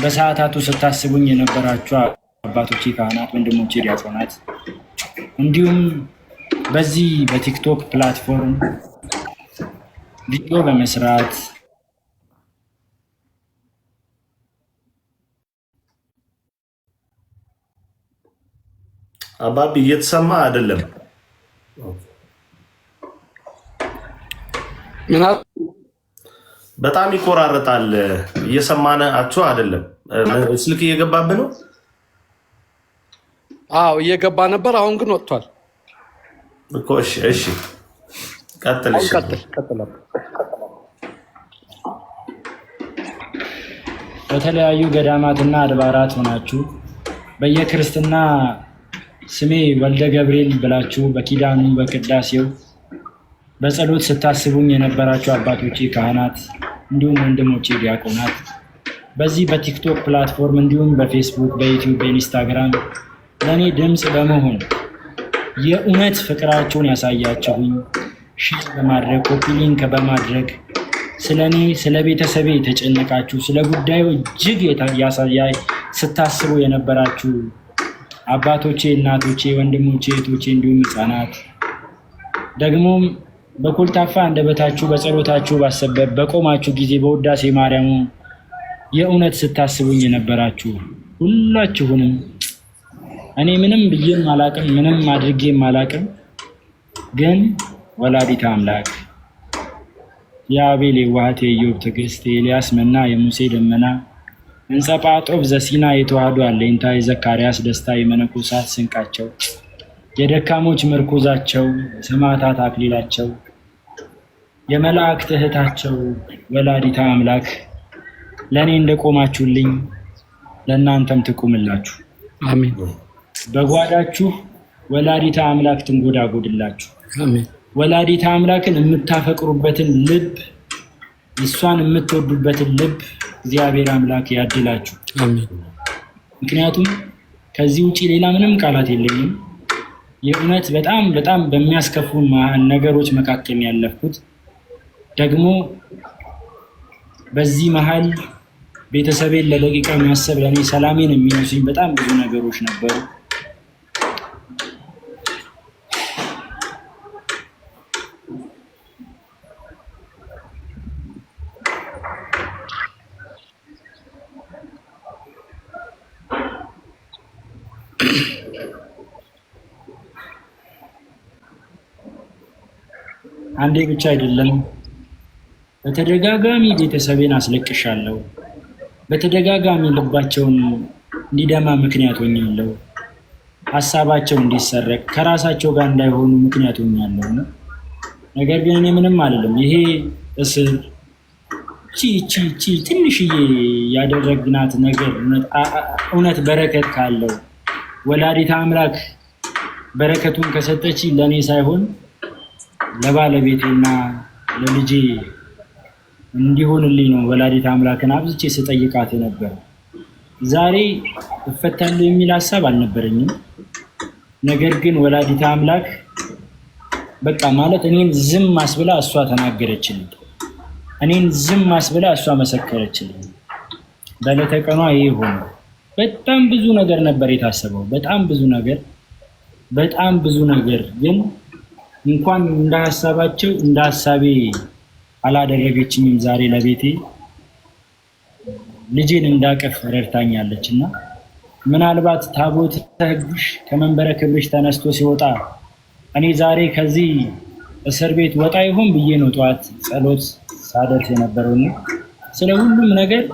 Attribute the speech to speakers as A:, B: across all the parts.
A: በሰዓታቱ ስታስቡኝ የነበራችሁ አባቶቼ ካህናት፣ ወንድሞቼ ዲያቆናት፣ እንዲሁም በዚህ በቲክቶክ ፕላትፎርም ቪዲዮ በመስራት
B: አባቢ እየተሰማ አይደለም። በጣም ይቆራረጣል። እየሰማናችሁ አይደለም? ስልክ እየገባብህ ነው?
A: አዎ እየገባ ነበር፣ አሁን ግን ወጥቷል
B: እሺ፣ እሺ፣ ቀጥል፣ ቀጥል።
A: በተለያዩ ገዳማትና አድባራት ሆናችሁ በየክርስትና ስሜ ወልደ ገብርኤል ብላችሁ በኪዳኑ በቅዳሴው በጸሎት ስታስቡኝ የነበራቸው አባቶቼ ካህናት፣ እንዲሁም ወንድሞቼ ዲያቆናት በዚህ በቲክቶክ ፕላትፎርም እንዲሁም በፌስቡክ፣ በዩቲዩብ፣ በኢንስታግራም ለእኔ ድምፅ በመሆን የእውነት ፍቅራቸውን ያሳያችሁኝ ሼር በማድረግ ኮፒ ሊንክ በማድረግ ስለ እኔ ስለ ቤተሰቤ የተጨነቃችሁ ስለ ጉዳዩ እጅግ ስታስቡ የነበራችሁ አባቶቼ፣ እናቶቼ፣ ወንድሞቼ፣ እህቶቼ እንዲሁም ህፃናት ደግሞም በኩልታፋ አንደበታችሁ በጸሎታችሁ ባሰበብ በቆማችሁ ጊዜ በውዳሴ ማርያሙ የእውነት ስታስቡኝ የነበራችሁ ሁላችሁንም እኔ ምንም ብዬም አላቅም፣ ምንም አድርጌም አላቅም። ግን ወላዲት አምላክ የአቤል የዋህት፣ የኢዮብ ትዕግስት፣ የኤልያስ መና፣ የሙሴ ደመና እንጸጳጦብ ዘሲና የተዋህዶ አለኝታ የዘካርያስ ደስታ የመነኮሳት ስንቃቸው የደካሞች ምርኩዛቸው፣ የሰማዕታት አክሊላቸው፣ የመላእክት እህታቸው ወላዲታ አምላክ ለእኔ እንደቆማችሁልኝ ለእናንተም ትቁምላችሁ። አሜን። በጓዳችሁ ወላዲታ አምላክ ትንጎዳጎድላችሁ። አሜን። ወላዲታ አምላክን የምታፈቅሩበትን ልብ እሷን የምትወዱበትን ልብ እግዚአብሔር አምላክ ያድላችሁ። አሜን። ምክንያቱም ከዚህ ውጪ ሌላ ምንም ቃላት የለኝም። የእውነት በጣም በጣም በሚያስከፉ ነገሮች መካከል ያለፍኩት ደግሞ በዚህ መሀል ቤተሰቤን ለደቂቃ የሚያሰብ ለእኔ ሰላሜን የሚነሱኝ በጣም ብዙ ነገሮች ነበሩ። አንዴ ብቻ አይደለም፣ በተደጋጋሚ ቤተሰቤን አስለቅሻለሁ። በተደጋጋሚ ልባቸውን እንዲደማ ምክንያት ሆኛለሁ። ሀሳባቸው እንዲሰረቅ ከራሳቸው ጋር እንዳይሆኑ ምክንያት ሆኛለሁ። ነገር ግን እኔ ምንም አይደለም። ይሄ እስር ቺቺቺ ትንሽዬ ያደረግናት ነገር እውነት በረከት ካለው ወላዲት አምላክ በረከቱን ከሰጠች ለእኔ ሳይሆን ለባለቤቴና ለልጄ እንዲሆንልኝ ነው ወላዲት አምላክን አብዝቼ ስጠይቃት የነበረ። ዛሬ እፈታለሁ የሚል ሀሳብ አልነበረኝም። ነገር ግን ወላዲት አምላክ በቃ ማለት እኔን ዝም ማስብላ እሷ ተናገረችልኝ። እኔን ዝም ማስብላ እሷ መሰከረችልኝ። በዕለተ ቀኗ ሆነ። በጣም ብዙ ነገር ነበር የታሰበው፣ በጣም ብዙ ነገር፣ በጣም ብዙ ነገር ግን እንኳን እንደ ሀሳባቸው እንደ ሀሳቤ አላደረገችኝም። ዛሬ ለቤቴ ልጄን እንዳቀፍ ረድታኛለች እና ምናልባት ታቦት ተህግሽ ከመንበረ ክብርሽ ተነስቶ ሲወጣ እኔ ዛሬ ከዚህ እስር ቤት ወጣ ይሆን ብዬ ነው ጠዋት ጸሎት ሳደርስ የነበረውና ስለ ሁሉም ነገር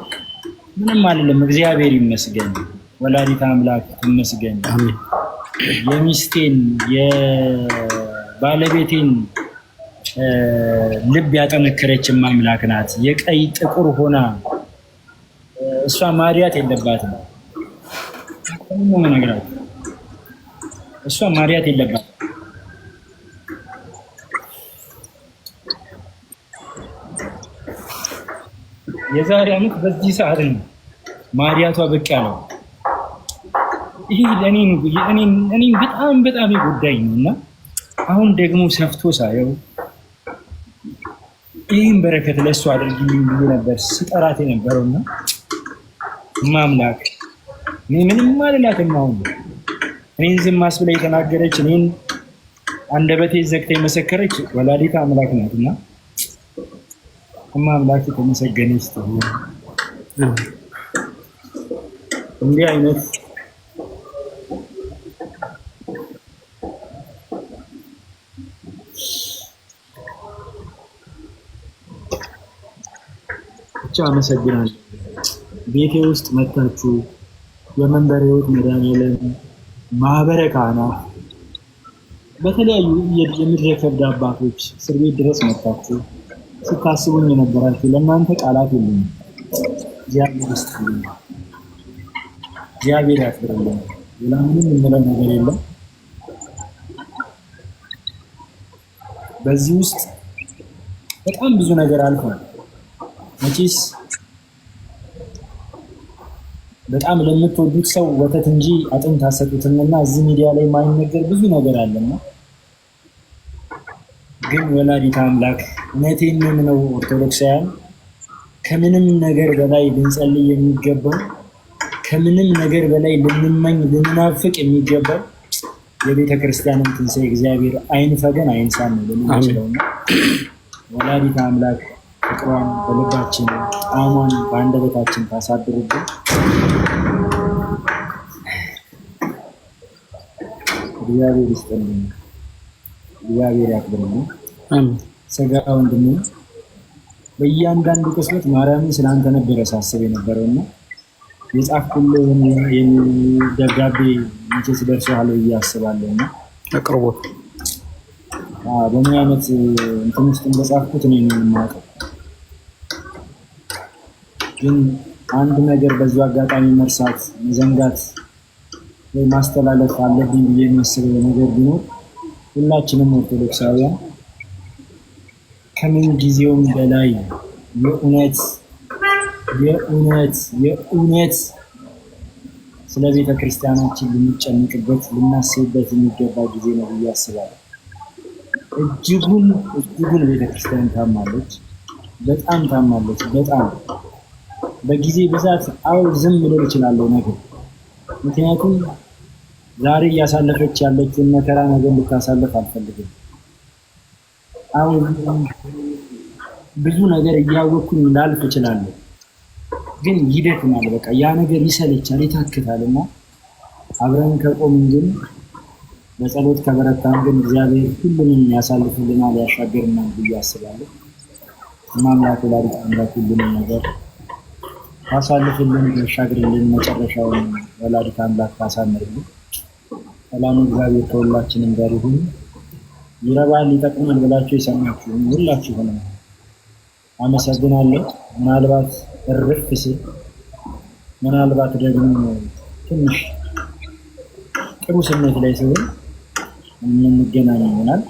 A: ምንም አልልም። እግዚአብሔር ይመስገን፣ ወላዲት አምላክ ይመስገን። የሚስቴን ባለቤቴን ልብ ያጠነከረችን አምላክ ናት። የቀይ ጥቁር ሆና እሷ ማርያት የለባትም። ነግራት እሷ ማርያት የለባትም። የዛሬ ዓመት በዚህ ሰዓት ነው ማርያቷ ብቅ ያለው። ይህ እኔን በጣም በጣም ጉዳይ ነው እና አሁን ደግሞ ሰፍቶ ሳየው ይህን በረከት ለእሱ አድርጊልኝ ብዬ ነበር ስጠራት የነበረውና ማምላክ እኔ ምንም አልላትም። አሁን እኔን ዝም አስብላ የተናገረች እኔን አንደበቴ ዘግታ የመሰከረች ወላዲተ አምላክ ናት እና እማ የተመሰገነ ይስጥ። እንዲህ አይነት ብቻ አመሰግናለሁ። ቤቴ ውስጥ መታችሁ የመንበር ህይወት መድኃኔዓለም ማህበረ ካህናት በተለያዩ የምድረ ከብድ አባቶች እስር ቤት ድረስ መታችሁ ስታስቡኝ የነበራችሁ ለእናንተ ቃላት የለኝም። እግዚአብሔር ይስጥልኝ፣ እግዚአብሔር ያክብርልኝ። ሌላ ምንም የምለው ነገር የለም። በዚህ ውስጥ በጣም ብዙ ነገር አልፏል። መቼስ በጣም ለምትወዱት ሰው ወተት እንጂ አጥንት አሰጡትም እና እዚህ ሚዲያ ላይ የማይነገር ብዙ ነገር አለና ግን ወላዲተ አምላክ እውነቴን ነው ኦርቶዶክሳውያን ከምንም ነገር በላይ ልንጸልይ የሚገባው ከምንም ነገር በላይ ልንመኝ ልንናፍቅ የሚገባው የቤተ ክርስቲያንን ትንሣኤ እግዚአብሔር አይንፈገን አይንሳን ነው ልንችለውና ወላዲተ አምላክ ፍቅሯን በልባችን ጣዕሟን በአንደበታችን ታሳድርብን። እግዚአብሔር ይስጥልን፣ እግዚአብሔር ያክብርልን። ሰጋ ወንድሜ በእያንዳንዱ ቅስበት ማርያምን ስለአንተ ነበረ ሳስብ የነበረው እና የጻፍኩልህን ደብዳቤ መቼስ ደርሶሃል ብዬ አስባለሁ እና አቅርቦት በምን አይነት እንትን ውስጥ እንደጻፍኩት እኔ ነው የማውቀው። ግን አንድ ነገር በዛ አጋጣሚ መርሳት፣ መዘንጋት ወይ ማስተላለፍ አለብኝ ብዬ የማስበው ነገር ቢኖር ሁላችንም ኦርቶዶክሳውያን ከምን ጊዜውም በላይ የእውነት የእውነት የእውነት ስለ ቤተ ክርስቲያናችን ልንጨንቅበት ልናስብበት የሚገባ ጊዜ ነው ብዬ አስባለሁ። እጅጉን እጅጉን ቤተ ክርስቲያን ታማለች፣ በጣም ታማለች፣ በጣም በጊዜ ብዛት አው ዝም ብሎ ይችላል ነገ። ምክንያቱም ዛሬ እያሳለፈች ያለችውን መከራ ነገ ልታሳልፍ አልፈልግም። አው ብዙ ነገር እያወቅኩኝ ላልፍ እችላለሁ፣ ግን ይደክማል። በቃ ያ ነገር ይሰለቻል፣ ይታክታል እና አብረን ከቆምን ግን በጸሎት ከበረታን ግን እግዚአብሔር ሁሉንም ያሳልፍልናል፣ ያሻገርናል ብዬ አስባለሁ። ማምላክ ወላዲተ አምላክ ሁሉንም ነገር ታሳልፍልን ያሻግርልን መጨረሻውን ወላዲተ አምላክ ታሳምርልን። ሰላም እግዚአብሔር ከሁላችንም ጋር ይሁን። ይረባል ይጠቅማል ብላችሁ የሰማችሁ ሁላችሁ ሆነ አመሰግናለሁ። ምናልባት እርፍ ስል ምናልባት ደግሞ ትንሽ ጥሩ ስሜት ላይ ሲሆን የምንገናኝ ይሆናል።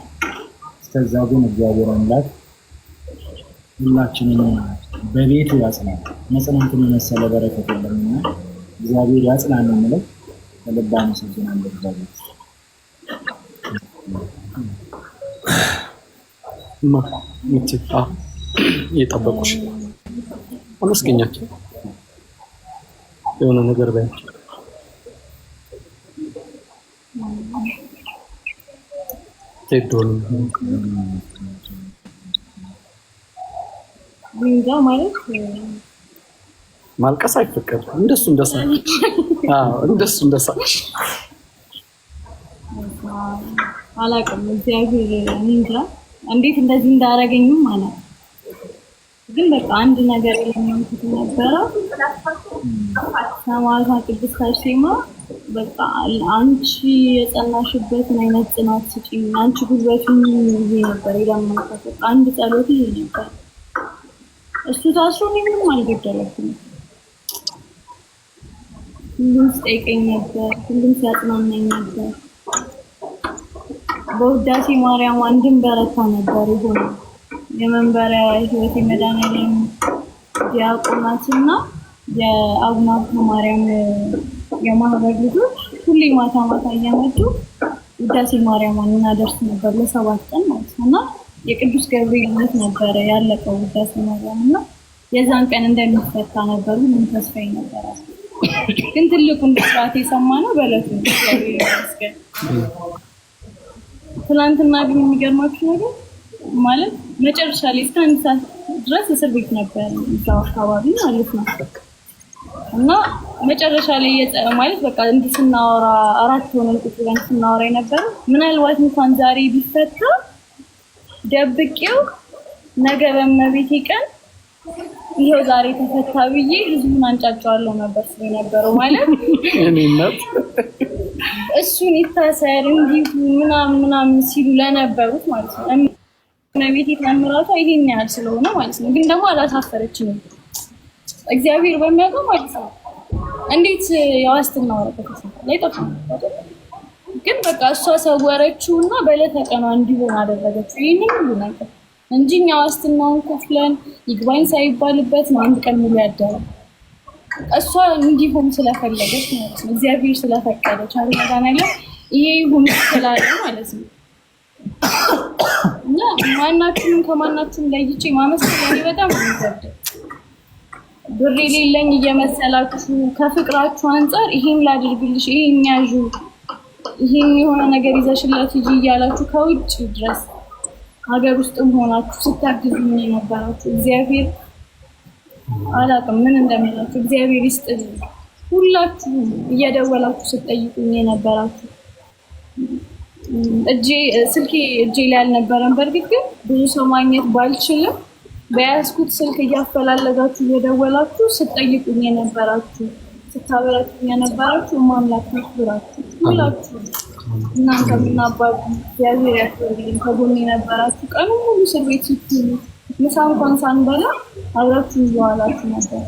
A: እስከዛ ግን እግዚአብሔር አምላክ ሁላችንን በቤቱ ያጽናል። መጽናናትን የመሰለ በረከት የለምና እግዚአብሔር ያጽናን ነው የምለው። ከልብ አመሰግናለሁ እግዚአብሔር።
B: እየጠበቁሽ አመስገኛቸው የሆነ ነገር በያቸው ማለት ማልቀስ አይፈቀድ። እንደሱ እንደሳ እንደሱ እንደሳ
C: አላውቅም። እግዚአብሔር እንጃ እንዴት እንደዚህ እንዳደረገኝም ግን በቃ አንድ ነገር የሚያምኩት ነበረ ሰማዕቷ ቅድስት አርሴማ በቃ አንቺ የጸናሽበትን አይነት ጽናት ስጪ፣ አንቺ ጉልበቱን ይዤ ነበር የለመንኩት። አንድ ጸሎት ይዤ ነበር። እሱ ታስሮ እኔ ምንም ሁሉም ሲጠይቀኝ ነበር፣ ሁሉም ሲያጽናናኝ ነበር። በውዳሴ ማርያም አንድም በረታ ነበር። ይሁን የመንበሪያ ህይወት የመድኃኔዓለም ዲያቆናትና የአቡነ ማርያም የማህበር ልጆች ሁሌ ማታ ማታ እያመጡ ውዳሴ ማርያምን እናደርስ ነበር ለሰባት ቀን ማለት ነው። እና የቅዱስ ነበረ ያለቀው ውዳሴ ማርያም እና የዛን ቀን እንደሚፈታ ነበር ሁሉም ተስፋዬ ነበር። ግን ትልቁን ስርዓት የሰማ ነው በእለቱ ይመስገን። ትናንትና ግን የሚገርማችሁ ነገር ማለት መጨረሻ ላይ እስከ አንድ ሰዓት ድረስ እስር ቤት ነበር እዛው አካባቢ ማለት ነው። እና መጨረሻ ላይ የጸረ ማለት በቃ እንዲህ ስናወራ አራት የሆነ ቁጭ ብለን ስናወራ የነበረ ምናልባት እንኳን ዛሬ ቢፈታ ደብቄው ነገ በመቤቴ ቀን ይሄው ዛሬ ተፈታ ብዬ ህዝቡን አንጫጫዋለሁ ነበር ስለነበረው ማለት እሱን ይታሰር እንዲሁ ምናምን ምናምን ሲሉ ለነበሩት ማለት ነው። እመቤቴ ታምራቷ ይሄን ያህል ስለሆነ ማለት ነው። ግን ደግሞ አላሳፈረችንም። እግዚአብሔር በሚያውቀው ማለት ነው። እንዴት የዋስትና ወረቀት ላይ ጠፋ። ግን በቃ እሷ ሰወረችውና በዕለተ ቀኗ እንዲሆን አደረገችው ይህንን ሁሉ ነገር እንጂ እኛ ዋስትናውን ከፍለን ይግባኝ ሳይባልበት ነው አንድ ቀን ሙሉ ያደረው። እሷ እንዲሁም ስለፈለገች ማለት ነው፣ እግዚአብሔር ስለፈቀደች አረጋጋናለ ይሄ ይሁን ስላለ ማለት ነው። እና ማናችንም ከማናችን ለይቼ ማመስገን በጣም የሚወደው ብር የሌለኝ እየመሰላችሁ ከፍቅራችሁ አንጻር ይሄን ላድርግልሽ፣ ይሄን ያዥ፣ ይሄን የሆነ ነገር ይዘሽላት እያላችሁ ከውጭ ድረስ ሀገር ውስጥም ሆናችሁ ስታግዙ ምን የነበራችሁ እግዚአብሔር አላውቅም ምን እንደምላችሁ እግዚአብሔር ይስጥ። ሁላችሁ እየደወላችሁ ስጠይቁኝ የነበራችሁ እጄ ስልኬ እጄ ላይ አልነበረም። በእርግጥ ግን ብዙ ሰው ማግኘት ባልችልም በያዝኩት ስልክ እያፈላለጋችሁ እየደወላችሁ ስጠይቁኝ የነበራችሁ ስታበረቱኝ የነበራችሁ ማምላክ ይክብራችሁ ሁላችሁ። እናንተ ምናባቡ እግዚአብሔር ያክብርልኝ። ከጎን የነበራችሁ ቀኑ ሙሉ እስር ቤት ስትሉ ምሳ እንኳን ሳንበላ አብራችሁ እየዋላችሁ ነበር።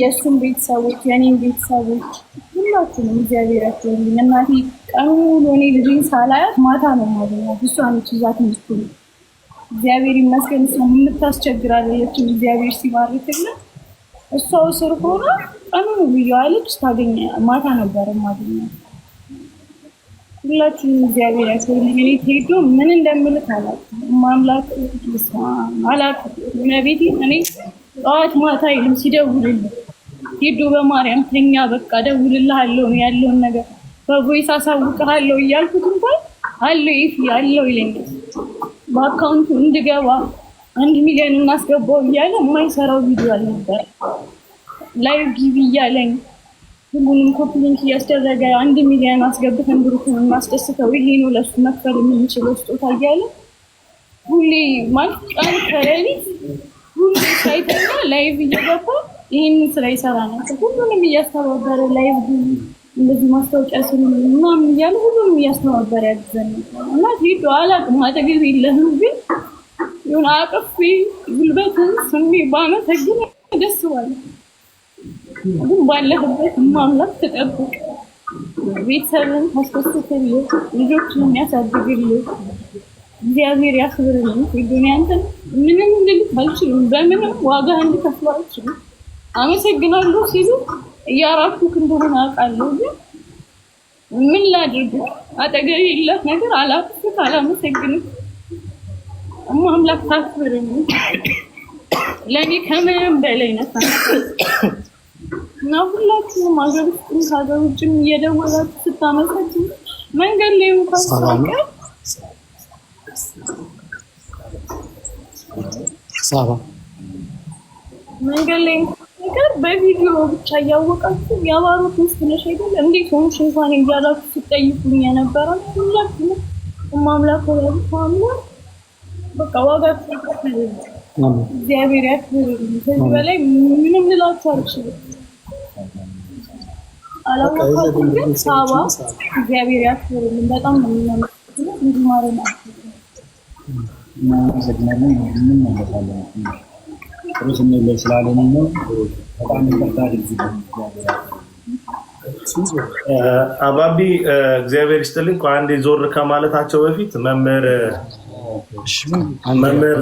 C: የእሱም ቤተሰቦች የእኔም ቤተሰቦች ሁላችንም እግዚአብሔር ያክብርልኝ። እናቴ ቀኑ ሙሉ እኔ ልጅን ሳላያት ማታ ነው ማገኛት። እሷ ነች እዛ ትምህርት እግዚአብሔር ይመስገን። እሷ የምታስቸግራለችን እግዚአብሔር ሲባርክልን እሷ እስር ሆና ቀኑ ሙሉ እየዋለች ታገኛ ማታ ነበር ማገኛት ሁላችንም እግዚአብሔር ያስፈልግ። እኔ ቴዶ ምን እንደምልህ አላውቅም። ማምላክ አላውቅም። እመቤቴ እኔ ጠዋት ማታ ይልም ሲደውልልህ ቴዶ በማርያም ተኛ በቃ ደውልልሃለሁ ያለውን ነገር በቮይስ አሳውቅሃለሁ እያልኩት እንኳን አለው ይፍ ያለው ይለኛል። በአካውንቱ እንድገባ አንድ ሚሊዮን እናስገባው እያለ የማይሰራው ቪዲዮ አልነበረ ላይቭ ጊቢ እያለኝ ሁሉንም ኮፕሊንክ እያስደረገ አንድ ሚሊዮን አስገብተን ብሩክን እናስደስተው፣ ይሄ ነው ለሱ መክፈል የምንችለው ስጦታ እያለ ሁሌ ማለት ቀን ከሌሊት ሁሌ ሳይተኛ ላይቭ እየገባ ይህን ስራ ይሰራ ነው። ሁሉንም እያስተባበረ ላይቭ እንደዚህ ማስታወቂያ ስሩ ምናምን እያለ ሁሉንም እያስተባበረ ያግዘን እና ሄዶ አላቅም አጠገብ የለህም ግን የሆነ አቅፌ ጉልበትን ስሜ በአመት ህግ ደስ ባለ ግን ባለህበት ማምላክ ተጠብቅ፣ ቤተሰብን ታስደስትልህ፣ ልጆችን የሚያሳድግልህ እግዚአብሔር ያክብርልህ። ዱኒያንትን ምንም ልልህ አልችልም፣ በምንም ዋጋ እንድከፍል አልችልም። አመሰግናለሁ ሲሉ እያራኩክ እንደሆነ አውቃለሁ፣ ግን ምን ላድርግ? አጠገቤ የላት ነገር አላቅፍት፣ አላመሰግንም። ማምላክ ታክብርልኝ፣ ለእኔ ከምንም በላይ ነሳ እና ሁላችሁም ሀገር ውስጥም ከሀገር ውጭም እየደወላችሁ ስታመሳችሁ መንገድ ላይ ካስታወቀ ሳባ መንገድ ላይ ነገር በቪዲዮ ብቻ እያወቃችሁ የአባሮት ሚስት ነሽ አይደል እንዴት ሆንሽ እንኳን እያላችሁ ስጠይቁኝ የነበረ ሁላችሁም ማምላክ ወላጅ ታምነ በቃ ዋጋ እግዚአብሔር ያክብርልኝ። ከዚህ በላይ ምንም ልላችሁ አልችልም። አላወቅኩም፣ ግን ሳባ እግዚአብሔር ያክብርልን። በጣም ነው
B: አባቢ እግዚአብሔር ይስጥልኝ። ከአንዴ ዞር ከማለታቸው በፊት መምህር መምህር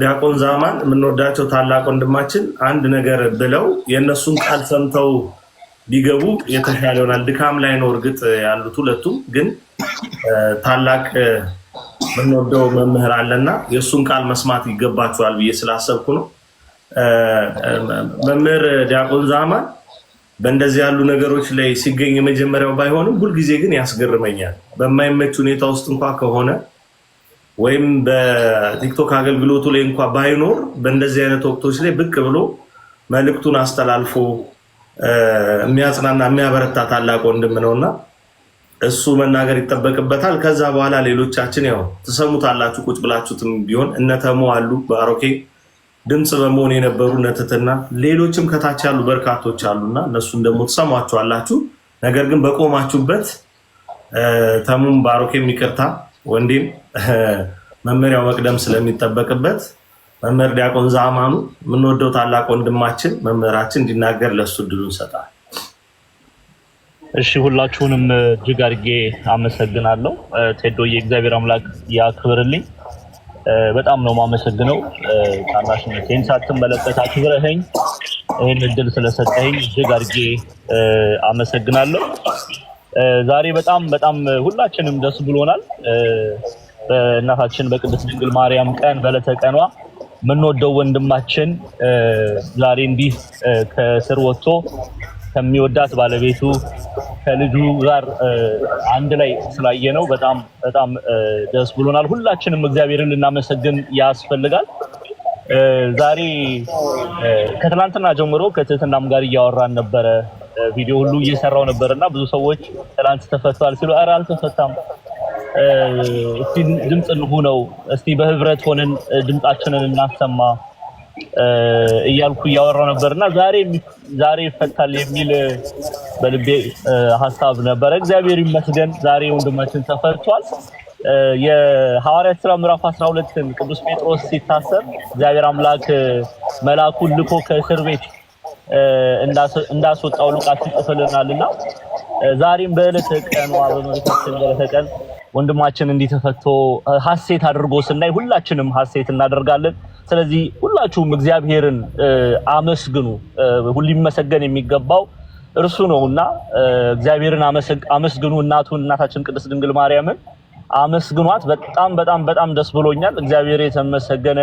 B: ዲያቆን ዛማን የምንወዳቸው ታላቅ ወንድማችን አንድ ነገር ብለው የእነሱን ቃል ሰምተው ቢገቡ የተሻለ ይሆናል። ድካም ላይ ነው እርግጥ ያሉት ሁለቱም፣ ግን ታላቅ የምንወደው መምህር አለና የእሱን ቃል መስማት ይገባቸዋል ብዬ ስላሰብኩ ነው። መምህር ዲያቆን ዛማን በእንደዚህ ያሉ ነገሮች ላይ ሲገኝ የመጀመሪያው ባይሆንም ሁልጊዜ ግን ያስገርመኛል። በማይመች ሁኔታ ውስጥ እንኳ ከሆነ ወይም በቲክቶክ አገልግሎቱ ላይ እንኳ ባይኖር በእንደዚህ አይነት ወቅቶች ላይ ብቅ ብሎ መልእክቱን አስተላልፎ የሚያጽናና የሚያበረታ ታላቅ ወንድም ነውና እሱ መናገር ይጠበቅበታል። ከዛ በኋላ ሌሎቻችን ያው ትሰሙታላችሁ፣ ቁጭ ብላችሁትም ቢሆን እነተሙ አሉ፣ በአሮኬ ድምፅ በመሆን የነበሩ ነትትና ሌሎችም ከታች ያሉ በርካቶች አሉና እነሱን ደግሞ ትሰሟችኋላችሁ። ነገር ግን በቆማችሁበት ተሙም በአሮኬም የሚቅርታ ወንዴም መመሪያው መቅደም ስለሚጠበቅበት መምህር ዲያቆን ዛማኑ የምንወደው ታላቅ ወንድማችን መምህራችን እንዲናገር ለሱ እድሉ እንሰጣል። እሺ ሁላችሁንም እጅግ አድርጌ አመሰግናለሁ። ቴዶ እግዚአብሔር አምላክ ያክብርልኝ። በጣም ነው የማመሰግነው። ታናሽነቴን ሳትመለከት አክብረኸኝ ይህን እድል ስለሰጠኝ እጅግ አድርጌ አመሰግናለሁ። ዛሬ በጣም በጣም ሁላችንም ደስ ብሎናል። በእናታችን በቅድስት ድንግል ማርያም ቀን በዕለተ ቀኗ የምንወደው ወንድማችን ዛሬ እንዲህ ከእስር ወጥቶ ከሚወዳት ባለቤቱ ከልጁ ጋር አንድ ላይ ስላየ ነው በጣም በጣም ደስ ብሎናል። ሁላችንም እግዚአብሔርን ልናመሰግን ያስፈልጋል። ዛሬ ከትላንትና ጀምሮ ከትህትናም ጋር እያወራን ነበረ። ቪዲዮ ሁሉ እየሰራው ነበርና ብዙ ሰዎች ትላንት ተፈቷል ሲሉ ኧረ አልተፈታም እስቲ ድምፅ እንሁነው፣ እስቲ በህብረት ሆነን ድምፃችንን እናሰማ እያልኩ እያወራው ነበርና ዛሬ ዛሬ ይፈታል የሚል በልቤ ሀሳብ ነበረ። እግዚአብሔር ይመስገን ዛሬ ወንድማችን ተፈቷል። የሐዋርያት ስራ ምዕራፍ 12ን ቅዱስ ጴጥሮስ ሲታሰር እግዚአብሔር አምላክ መልአኩን ልኮ ከእስር ቤት እንዳስወጣው ሉቃስ ይጽፍልናልና ዛሬም በዕለተ ቀኗ በመሬታችን በዕለተ ቀን ወንድማችን እንዲተፈቶ ሀሴት አድርጎ ስናይ ሁላችንም ሀሴት እናደርጋለን። ስለዚህ ሁላችሁም እግዚአብሔርን አመስግኑ። ሊመሰገን የሚገባው እርሱ ነውና እግዚአብሔርን አመስግኑ። እናቱን እናታችን ቅድስት ድንግል ማርያምን አመስግኗት። በጣም በጣም በጣም ደስ ብሎኛል። እግዚአብሔር የተመሰገነ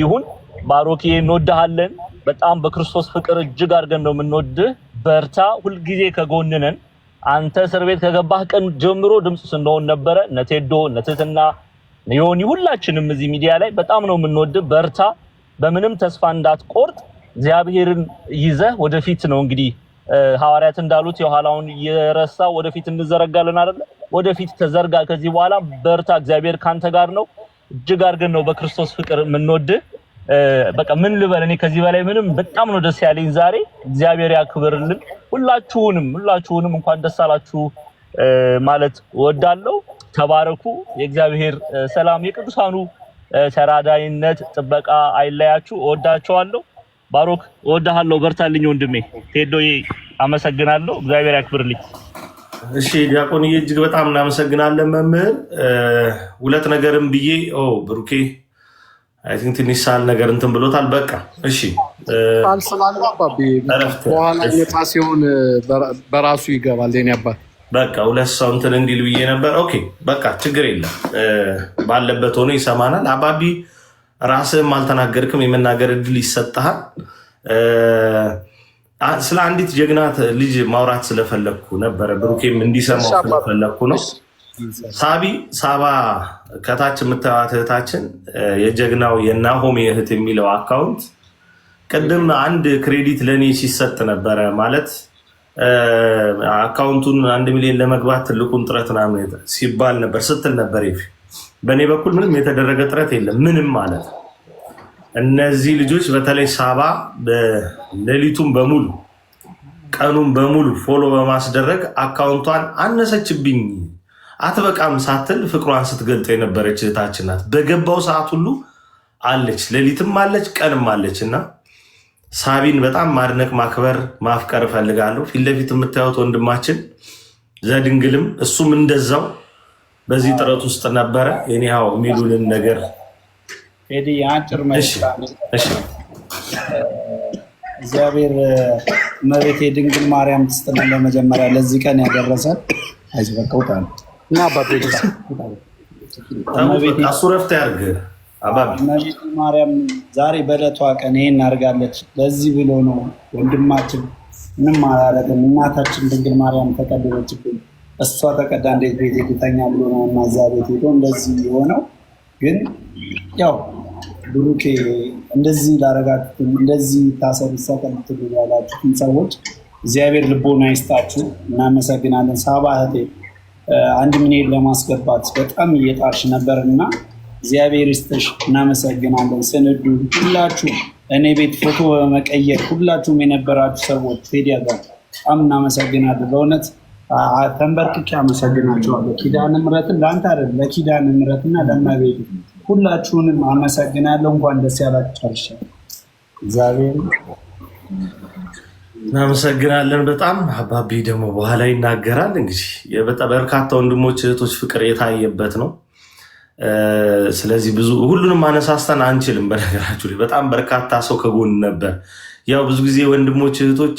B: ይሁን። ባሮኬ እንወድሃለን። በጣም በክርስቶስ ፍቅር እጅግ አድርገን ነው የምንወድህ። በርታ። ሁልጊዜ ከጎንነን አንተ እስር ቤት ከገባህ ቀን ጀምሮ ድምፅ ስንሆን ነበረ። ነቴዶ ቴዶ እነ ዮኒ፣ ሁላችንም እዚህ ሚዲያ ላይ በጣም ነው የምንወድ። በርታ፣ በምንም ተስፋ እንዳትቆርጥ፣ እግዚአብሔርን ይዘህ ወደፊት ነው እንግዲህ ሐዋርያት እንዳሉት የኋላውን የረሳ ወደፊት እንዘረጋለን አይደለ? ወደፊት ተዘርጋ። ከዚህ በኋላ በርታ፣ እግዚአብሔር ካንተ ጋር ነው። እጅግ አድርገን ነው በክርስቶስ ፍቅር የምንወድህ። በቃ ምን ልበል እኔ ከዚህ በላይ ምንም። በጣም ነው ደስ ያለኝ ዛሬ። እግዚአብሔር ያክብርልን። ሁላችሁንም ሁላችሁንም እንኳን ደስ አላችሁ ማለት ወዳለው። ተባረኩ። የእግዚአብሔር ሰላም የቅዱሳኑ ተራዳይነት ጥበቃ አይለያችሁ። እወዳቸዋለሁ። ባሮክ እወዳሃለሁ። በርታልኝ ወንድሜ ቴዶዬ። አመሰግናለሁ። እግዚአብሔር ያክብርልኝ። እሺ ዲያቆንዬ፣ እጅግ በጣም እናመሰግናለን መምህር። ሁለት ነገርም ብዬ ብሩኬ አይ ቲንክ ትንሽ ሳል ነገር እንትን ብሎታል። በቃ እሺ፣
A: በኋላ ነፃ ሲሆን በራሱ ይገባል። ኔ አባት
B: በቃ ሁለት ሰው እንትን እንዲል ብዬ ነበር። ኦኬ በቃ ችግር የለም ባለበት ሆኖ ይሰማናል። አባቢ ራስህም አልተናገርክም፣ የመናገር እድል ይሰጠሃል። ስለ አንዲት ጀግና ልጅ ማውራት ስለፈለግኩ ነበረ፣ ብሩኬም እንዲሰማው ስለፈለግኩ ነው። ሳቢ ሳባ ከታች የምታዩት እህታችን የጀግናው የናሆሚ እህት የሚለው አካውንት ቅድም አንድ ክሬዲት ለእኔ ሲሰጥ ነበረ። ማለት አካውንቱን አንድ ሚሊዮን ለመግባት ትልቁን ጥረት ምናምን ሲባል ነበር ስትል ነበር። ይፊ በእኔ በኩል ምንም የተደረገ ጥረት የለም። ምንም ማለት ነው። እነዚህ ልጆች በተለይ ሳባ ሌሊቱን በሙሉ ቀኑን በሙሉ ፎሎ በማስደረግ አካውንቷን አነሰችብኝ አትበቃም ሳትል ፍቅሯን ስትገልጥ የነበረች እህታችን ናት። በገባው ሰዓት ሁሉ አለች፣ ሌሊትም አለች፣ ቀንም አለች እና ሳቢን በጣም ማድነቅ ማክበር ማፍቀር እፈልጋለሁ። ፊት ለፊት የምታዩት ወንድማችን ዘድንግልም እሱም እንደዛው በዚህ ጥረት ውስጥ ነበረ። ኒው የሚሉንን ነገር
A: አጭር እግዚአብሔር እመቤቴ ድንግል ማርያም ትስጥልን። ለመጀመሪያ ለዚህ ቀን ያደረሰን አይበቀውታል
B: እና አባቤ እሱ ረፍት ያርግ። እመቤቴ
A: ማርያም ዛሬ በዕለቷ ቀን ይሄን አድርጋለች። ለዚህ ብሎ ነው ወንድማችን ምንም አላረግም። እናታችን ድንግል ማርያም ተቀደደችብኝ፣ እሷ ተቀዳ እንዴት ቤት የተኛ ብሎ ነው እና እዛ ቤት ሄዶ እንደዚህ የሆነው ግን ያው ብሩኬ እንደዚህ ላረጋችሁትም እንደዚህ ታሰብ ሰቀልት ያላችሁትን ሰዎች እግዚአብሔር ልቦና ይስጣችሁ። እናመሰግናለን። ሳባ እህቴ አንድ ሚሊዮን ለማስገባት በጣም እየጣርሽ ነበር እና እግዚአብሔር ይስጥሽ፣ እናመሰግናለን። ስንዱ ሁላችሁ እኔ ቤት ፎቶ በመቀየር ሁላችሁም የነበራችሁ ሰዎች ቴዲ ጋር በጣም እናመሰግናለን። በእውነት ተንበርክኬ አመሰግናቸዋለሁ። ኪዳነ ምሕረትን ለአንተ አይደለም ለኪዳነ ምሕረትና ለእመቤት ሁላችሁንም አመሰግናለሁ። እንኳን ደስ ያላችሁ። ጨርሻለሁ። እግዚአብሔር
B: እናመሰግናለን በጣም አባቢ ደግሞ በኋላ ይናገራል። እንግዲህ በርካታ ወንድሞች እህቶች ፍቅር የታየበት ነው። ስለዚህ ብዙ ሁሉንም ማነሳስተን አንችልም። በነገራችሁ ላይ በጣም በርካታ ሰው ከጎን ነበር። ያው ብዙ ጊዜ ወንድሞች እህቶች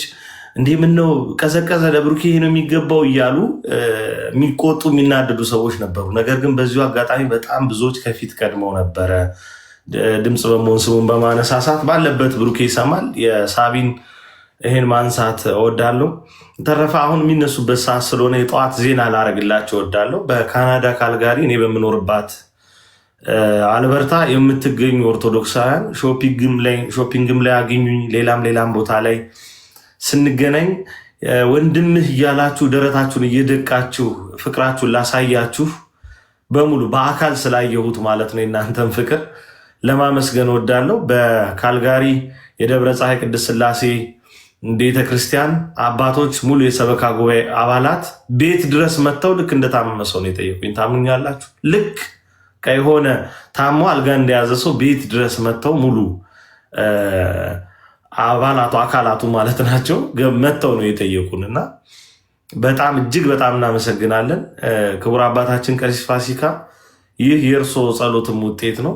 B: እንዲህ ምነው ቀዘቀዘ ለብሩኬ ነው የሚገባው እያሉ የሚቆጡ የሚናደዱ ሰዎች ነበሩ። ነገር ግን በዚሁ አጋጣሚ በጣም ብዙዎች ከፊት ቀድመው ነበረ ድምፅ በመሆን ስሙን በማነሳሳት ባለበት ብሩኬ ይሰማል የሳቢን ይህን ማንሳት እወዳለሁ። ተረፈ አሁን የሚነሱበት ሰዓት ስለሆነ የጠዋት ዜና ላረግላቸው እወዳለሁ። በካናዳ ካልጋሪ እኔ በምኖርባት አልበርታ የምትገኙ ኦርቶዶክሳውያን ሾፒንግም ላይ አገኙኝ፣ ሌላም ሌላም ቦታ ላይ ስንገናኝ ወንድምህ እያላችሁ ደረታችሁን እየደቃችሁ ፍቅራችሁን ላሳያችሁ በሙሉ በአካል ስላየሁት ማለት ነው የእናንተን ፍቅር ለማመስገን እወዳለሁ። በካልጋሪ የደብረ ፀሐይ ቅድስት ስላሴ። ቤተ ክርስቲያን አባቶች፣ ሙሉ የሰበካ ጉባኤ አባላት ቤት ድረስ መጥተው ልክ እንደታመመ ሰው ነው የጠየቁኝ። ታምኛላችሁ? ልክ ከሆነ ታሞ አልጋ እንደያዘ ሰው ቤት ድረስ መጥተው ሙሉ አባላቱ አካላቱ ማለት ናቸው መጥተው ነው የጠየቁን እና በጣም እጅግ በጣም እናመሰግናለን ክቡር አባታችን ቀሲስ ፋሲካ። ይህ የእርሶ ጸሎትም ውጤት ነው።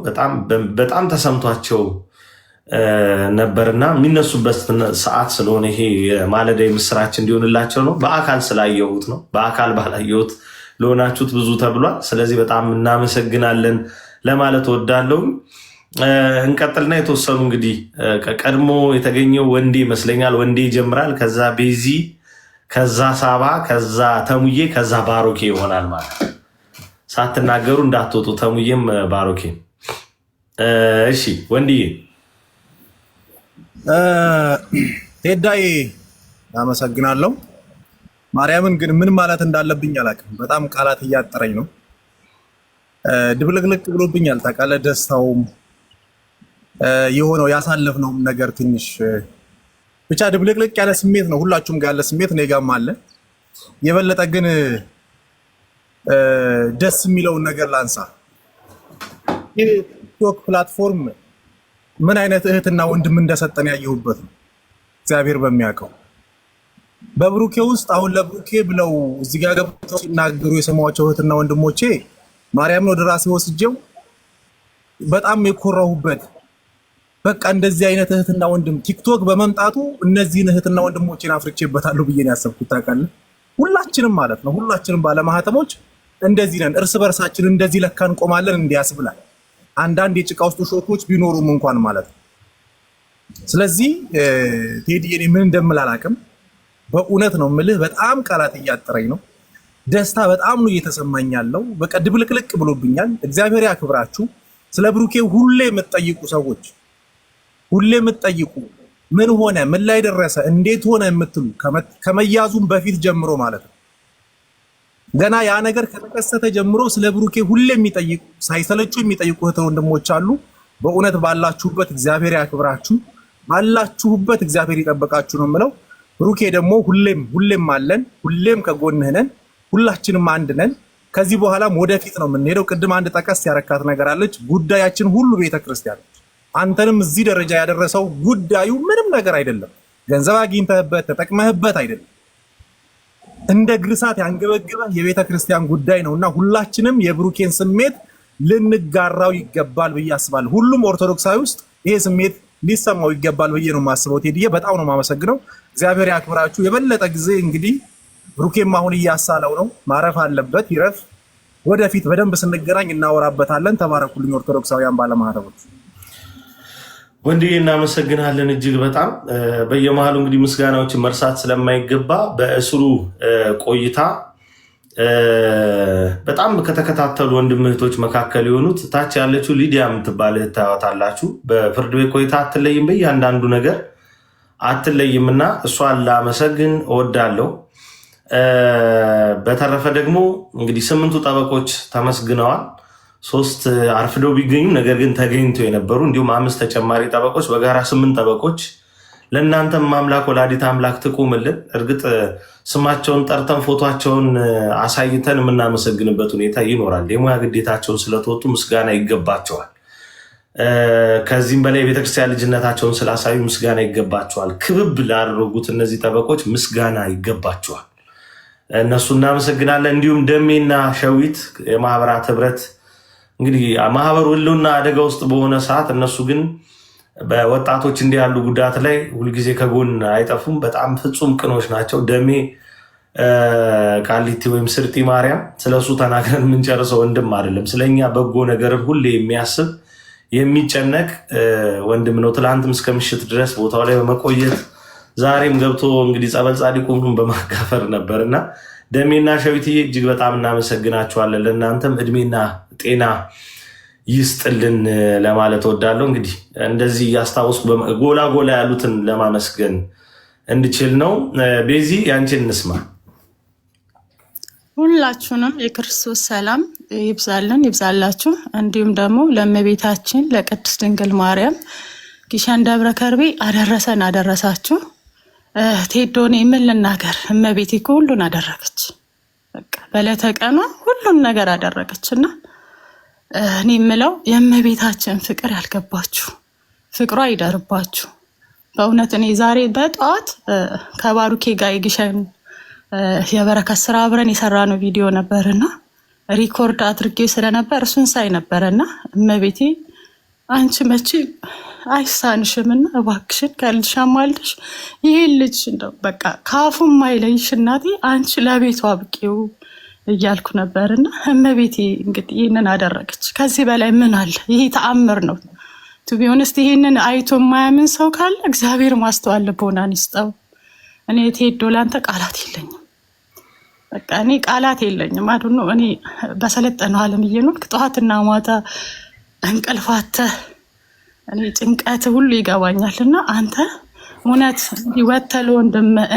B: በጣም ተሰምቷቸው ነበርና የሚነሱበት ሰዓት ስለሆነ ይሄ ማለዳ ምስራች እንዲሆንላቸው ነው። በአካል ስላየሁት ነው። በአካል ባላየሁት ለሆናችሁት ብዙ ተብሏል። ስለዚህ በጣም እናመሰግናለን ለማለት ወዳለሁ። እንቀጥልና የተወሰኑ እንግዲህ ቀድሞ የተገኘው ወንዴ ይመስለኛል። ወንዴ ይጀምራል፣ ከዛ ቤዚ፣ ከዛ ሳባ፣ ከዛ ተሙዬ፣ ከዛ ባሮኬ ይሆናል ማለት ሳትናገሩ እንዳትወጡ። ተሙዬም ባሮኬ። እሺ ወንድዬ
A: ቴዳይ አመሰግናለሁ። ማርያምን ግን ምን ማለት እንዳለብኝ አላውቅም። በጣም ቃላት እያጠረኝ ነው። ድብልቅልቅ ብሎብኛል። ታውቃለህ፣ ደስታውም የሆነው ያሳለፍነውም ነገር ትንሽ ብቻ ድብልቅልቅ ያለ ስሜት ነው። ሁላችሁም ጋር ያለ ስሜት እኔ ጋርም አለ። የበለጠ ግን ደስ የሚለውን ነገር ላንሳ። ቲክቶክ ፕላትፎርም ምን አይነት እህትና ወንድም እንደሰጠን ያየሁበት ነው። እግዚአብሔር በሚያውቀው በብሩኬ ውስጥ አሁን ለብሩኬ ብለው እዚህ ጋር ገብተው ሲናገሩ የሰማኋቸው እህትና ወንድሞቼ ማርያምን ወደ ራሴ ወስጄው በጣም የኮራሁበት በቃ እንደዚህ አይነት እህትና ወንድም ቲክቶክ በመምጣቱ እነዚህን እህትና ወንድሞቼን አፍርቼበታለሁ ብዬ ነው ያሰብኩት። ታውቃለህ፣ ሁላችንም ማለት ነው ሁላችንም ባለማህተሞች እንደዚህ ነን። እርስ በርሳችን እንደዚህ ለካ እንቆማለን እንዲያስብላል አንዳንድ የጭቃ ውስጥ ሾቶች ቢኖሩም እንኳን ማለት ነው። ስለዚህ ቴዲ እኔ ምን እንደምል አላውቅም። በእውነት ነው ምልህ፣ በጣም ቃላት እያጠረኝ ነው። ደስታ በጣም ነው እየተሰማኝ ያለው። በቃ ድብልቅልቅ ብሎብኛል። እግዚአብሔር ያክብራችሁ። ስለ ብሩኬ ሁሌ የምትጠይቁ ሰዎች፣ ሁሌ የምትጠይቁ ምን ሆነ፣ ምን ላይ ደረሰ፣ እንዴት ሆነ የምትሉ ከመያዙም በፊት ጀምሮ ማለት ነው ገና ያ ነገር ከተከሰተ ጀምሮ ስለ ብሩኬ ሁሌ የሚጠይቁ ሳይሰለቹ የሚጠይቁ እህት ወንድሞች አሉ። በእውነት ባላችሁበት እግዚአብሔር ያክብራችሁ፣ ባላችሁበት እግዚአብሔር ይጠበቃችሁ ነው የምለው። ብሩኬ ደግሞ ሁሌም ሁሌም አለን፣ ሁሌም ከጎንህ ነን፣ ሁላችንም አንድ ነን። ከዚህ በኋላም ወደፊት ነው የምንሄደው። ቅድም አንድ ጠቀስ ያረካት ነገር አለች። ጉዳያችን ሁሉ ቤተክርስቲያን፣ አንተንም እዚህ ደረጃ ያደረሰው ጉዳዩ ምንም ነገር አይደለም፣ ገንዘብ አግኝተህበት ተጠቅመህበት አይደለም እንደ ግርሳት ያንገበግበ የቤተ ክርስቲያን ጉዳይ ነው እና ሁላችንም የብሩኬን ስሜት ልንጋራው ይገባል ብዬ አስባለሁ። ሁሉም ኦርቶዶክሳዊ ውስጥ ይሄ ስሜት ሊሰማው ይገባል ብዬ ነው የማስበው። ቴድዬ በጣም ነው የማመሰግነው። እግዚአብሔር ያክብራችሁ። የበለጠ ጊዜ እንግዲህ ብሩኬም አሁን እያሳለው ነው፣ ማረፍ አለበት፣ ይረፍ። ወደፊት በደንብ ስንገናኝ እናወራበታለን። ተባረኩልኝ ኦርቶዶክሳውያን ባለማህተቦች።
B: ወንድዬ እናመሰግናለን እጅግ በጣም በየመሃሉ እንግዲህ ምስጋናዎችን መርሳት ስለማይገባ በእስሩ ቆይታ በጣም ከተከታተሉ ወንድም እህቶች መካከል የሆኑት ታች ያለችው ሊዲያ የምትባል እህት በፍርድ ቤት ቆይታ አትለይም፣ በእያንዳንዱ ነገር አትለይም እና እሷን ላመሰግን እወዳለሁ። በተረፈ ደግሞ እንግዲህ ስምንቱ ጠበቆች ተመስግነዋል። ሶስት አርፍደው ቢገኙ ነገር ግን ተገኝተው የነበሩ እንዲሁም አምስት ተጨማሪ ጠበቆች በጋራ ስምንት ጠበቆች ለእናንተም ማምላክ ወላዲት አምላክ ትቁምልን። እርግጥ ስማቸውን ጠርተን ፎቷቸውን አሳይተን የምናመሰግንበት ሁኔታ ይኖራል። የሙያ ግዴታቸውን ስለተወጡ ምስጋና ይገባቸዋል። ከዚህም በላይ የቤተክርስቲያን ልጅነታቸውን ስላሳዩ ምስጋና ይገባቸዋል። ክብብ ላደረጉት እነዚህ ጠበቆች ምስጋና ይገባቸዋል። እነሱ እናመሰግናለን። እንዲሁም ደሜና ሸዊት የማህበራት ህብረት እንግዲህ ማህበሩ ህልውና አደጋ ውስጥ በሆነ ሰዓት እነሱ ግን በወጣቶች እንዲህ ያሉ ጉዳት ላይ ሁልጊዜ ከጎን አይጠፉም። በጣም ፍጹም ቅኖች ናቸው። ደሜ ቃሊቲ ወይም ስርጢ ማርያም ስለሱ ተናግረን የምንጨርሰው ወንድም አይደለም። ስለኛ በጎ ነገርን ሁሌ የሚያስብ የሚጨነቅ ወንድም ነው። ትላንትም እስከ ምሽት ድረስ ቦታው ላይ በመቆየት ዛሬም ገብቶ እንግዲህ ጸበል ጻዲቁም በማጋፈር ነበርና እና ደሜና ሸዊትዬ እጅግ በጣም እናመሰግናችኋለን። ለእናንተም እድሜና ጤና ይስጥልን ለማለት እወዳለሁ። እንግዲህ እንደዚህ እያስታወስኩ ጎላ ጎላ ያሉትን ለማመስገን እንድችል ነው። ቤዚ ያንቺን እንስማ።
C: ሁላችሁንም የክርስቶስ ሰላም ይብዛልን ይብዛላችሁ። እንዲሁም ደግሞ ለእመቤታችን ለቅድስት ድንግል ማርያም ጊሸን ደብረ ከርቤ አደረሰን አደረሳችሁ። ቴዶኔ ምን ልናገር፣ እመቤቴ እኮ ሁሉን አደረገች። በቃ በዕለተ ቀኗ ሁሉን ነገር አደረገች እና እኔ የምለው የእመቤታችን ፍቅር ያልገባችሁ ፍቅሯ ይደርባችሁ። በእውነት እኔ ዛሬ በጠዋት ከባሩኬ ጋር የግሸን የበረከት ስራ አብረን የሰራነው ቪዲዮ ነበርና ሪኮርድ አድርጌ ስለነበር እሱን ሳይ እና እመቤቴ አንቺ መቺ። አይሳንሽም እና እባክሽን ከልሻም አልሽ ይህን ልጅ እንደው በቃ ካፉ ማይለይሽ እናቴ አንቺ ለቤቱ አብቂው እያልኩ ነበር እና እመቤቴ እንግዲህ ይህንን አደረገች። ከዚህ በላይ ምን አለ? ይሄ ተአምር ነው። ቱቢሆንስት ይህንን አይቶ የማያምን ሰው ካለ እግዚአብሔር ማስተዋል ልቦናን ይስጠው። እኔ የትሄዶ ላንተ ቃላት የለኝም። በቃ እኔ ቃላት የለኝም። አዱ እኔ በሰለጠነው ዓለም እየኖርክ ጠዋትና ማታ እንቅልፋተ እኔ ጭንቀት ሁሉ ይገባኛል። እና አንተ እውነት ወተሎ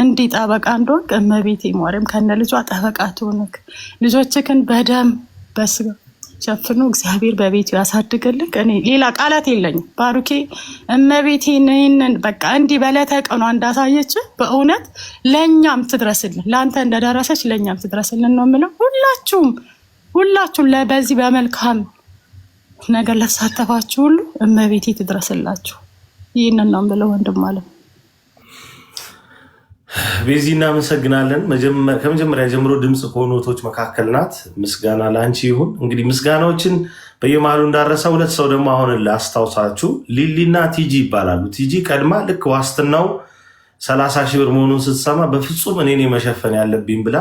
C: እንዲህ ጠበቃ እንደሆንክ እመቤቴ ማርያም ከነ ልጇ ጠበቃ ትሆንክ፣ ልጆችክን በደም በስጋ ሸፍኖ እግዚአብሔር በቤቱ ያሳድግልክ። እኔ ሌላ ቃላት የለኝም። ባሩኬ እመቤቴ ይህንን በቃ እንዲህ በለተ ቀኗ እንዳሳየች በእውነት ለእኛም ትድረስልን፣ ለአንተ እንደደረሰች ለእኛም ትድረስልን ነው የምለው። ሁላችሁም ሁላችሁም ለበዚህ በመልካም ነገር ለሳተፋችሁ ሁሉ እመቤቴ ትድረስላችሁ። ይህንን ነው ብለው ወንድም አለም
B: ቤዚ እናመሰግናለን። ከመጀመሪያ ጀምሮ ድምፅ ከሆኖቶች መካከል ናት። ምስጋና ለአንቺ ይሁን። እንግዲህ ምስጋናዎችን በየመሃሉ እንዳረሳ ሁለት ሰው ደግሞ አሁን ላስታውሳችሁ፣ ሊሊና ቲጂ ይባላሉ። ቲጂ ቀድማ ልክ ዋስትናው ሰላሳ ሺህ ብር መሆኑን ስትሰማ በፍጹም እኔን መሸፈን ያለብኝ ብላ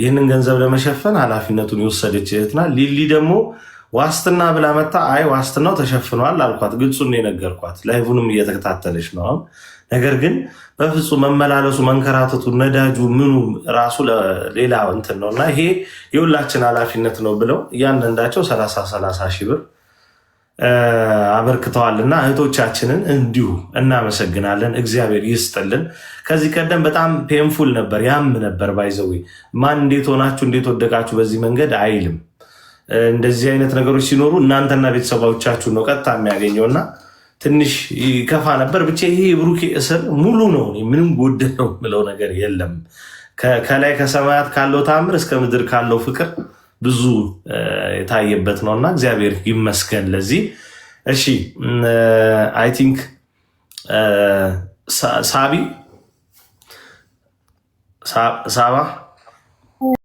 B: ይህንን ገንዘብ ለመሸፈን ኃላፊነቱን የወሰደች እህትና ሊሊ ደግሞ ዋስትና ብላ መታ። አይ ዋስትናው ተሸፍኗል አልኳት። ግልጹን የነገርኳት ላይቡንም እየተከታተለች ነው። ነገር ግን በፍጹም መመላለሱ መንከራተቱ፣ ነዳጁ፣ ምኑ ራሱ ሌላ እንትን ነው እና ይሄ የሁላችን ኃላፊነት ነው ብለው እያንዳንዳቸው ሰላሳ ሰላሳ ሺህ ብር አበርክተዋል እና እህቶቻችንን እንዲሁ እናመሰግናለን። እግዚአብሔር ይስጥልን። ከዚህ ቀደም በጣም ፔንፉል ነበር፣ ያም ነበር ባይዘዌ ማን እንዴት ሆናችሁ እንዴት ወደቃችሁ በዚህ መንገድ አይልም እንደዚህ አይነት ነገሮች ሲኖሩ እናንተና ቤተሰባዎቻችሁ ነው ቀጥታ የሚያገኘው እና ትንሽ ይከፋ ነበር። ብቻ ይሄ የብሩኬ እስር ሙሉ ነው። ምንም ጎደ ነው የምለው ነገር የለም። ከላይ ከሰማያት ካለው ታምር እስከ ምድር ካለው ፍቅር ብዙ የታየበት ነው እና እግዚአብሔር ይመስገን ለዚህ። እሺ አይ ቲንክ ሳቢ ሳባ